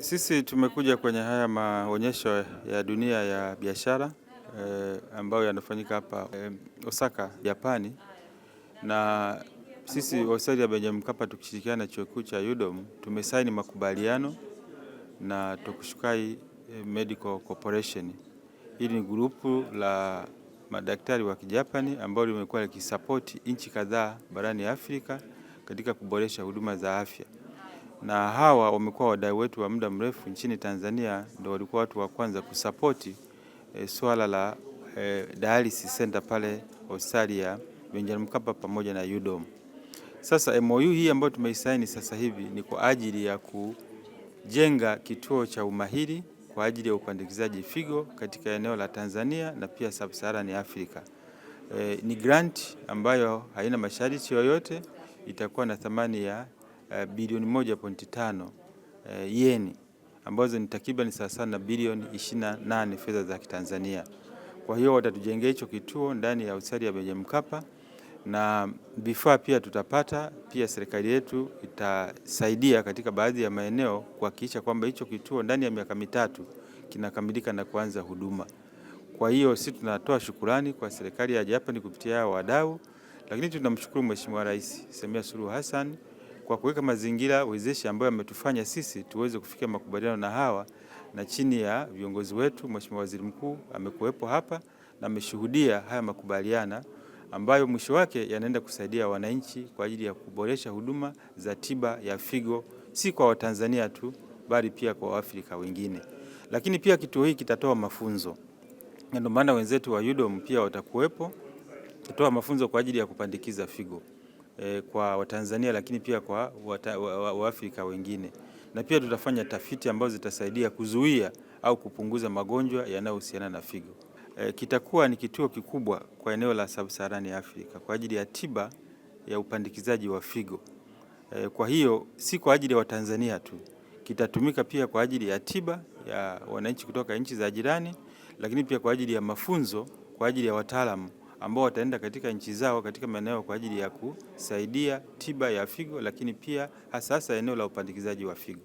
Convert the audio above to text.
Sisi tumekuja kwenye haya maonyesho ya dunia ya biashara eh, ambayo yanafanyika hapa eh, Osaka, Japani na sisi hospitali ya Benjamin Mkapa tukishirikiana na chuo kikuu cha UDOM tumesaini makubaliano na Tokushukai eh, Medical Corporation. Hili ni grupu la madaktari wa Kijapani ambao limekuwa likisapoti nchi kadhaa barani Afrika katika kuboresha huduma za afya na hawa wamekuwa wadau wetu wa muda mrefu nchini Tanzania, ndio walikuwa watu wa kwanza kusapoti e, swala la e, dialysis center pale hospitali ya Benjamin Mkapa pamoja na UDOM. Sasa MOU hii ambayo tumeisaini sasa hivi ni kwa ajili ya kujenga kituo cha umahiri kwa ajili ya upandikizaji figo katika eneo la Tanzania na pia Sub-Saharan Afrika. E, eh, ni grant ambayo haina masharti yoyote, itakuwa na thamani ya uh, bilioni 1.5 uh, eh, yeni ambazo ni takriban sawasawa na bilioni 28 fedha za Kitanzania. Kwa hiyo watatujengea hicho kituo ndani ya hospitali ya Benjamin Mkapa na vifaa pia tutapata. Pia serikali yetu itasaidia katika baadhi ya maeneo kuhakikisha kwamba hicho kituo ndani ya miaka mitatu kinakamilika na kuanza huduma. Kwa hiyo sisi tunatoa shukurani kwa serikali ya Japani kupitia wadau, lakini tunamshukuru Mheshimiwa Rais Samia Suluhu Hassan kwa kuweka mazingira wezeshi ambayo yametufanya sisi tuweze kufikia makubaliano na hawa, na chini ya viongozi wetu, Mheshimiwa Waziri Mkuu amekuwepo hapa na ameshuhudia haya makubaliano ambayo mwisho wake yanaenda kusaidia wananchi kwa ajili ya kuboresha huduma za tiba ya figo, si kwa Watanzania tu bali pia kwa Waafrika wengine. Lakini pia kituo hiki kitatoa mafunzo, ndio maana wenzetu wa UDOM pia watakuwepo kutoa mafunzo kwa ajili ya kupandikiza figo e, kwa Watanzania lakini pia kwa Waafrika wa, wa wengine, na pia tutafanya tafiti ambazo zitasaidia kuzuia au kupunguza magonjwa yanayohusiana na figo. E, kitakuwa ni kituo kikubwa kwa eneo la Sub-Saharan Afrika kwa ajili ya tiba ya upandikizaji wa figo. E, kwa hiyo si kwa ajili ya Watanzania tu, kitatumika pia kwa ajili ya tiba ya wananchi kutoka nchi za jirani, lakini pia kwa ajili ya mafunzo kwa ajili ya wataalamu ambao wataenda katika nchi zao katika maeneo kwa ajili ya kusaidia tiba ya figo, lakini pia hasa hasa eneo la upandikizaji wa figo.